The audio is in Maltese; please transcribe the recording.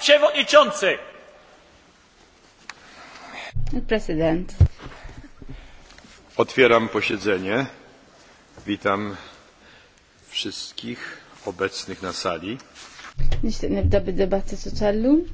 Przewodniczący! Prezydent. Otwieram posiedzenie. Witam wszystkich obecnych na sali. Nixtieq nibda bid-dibattitu tal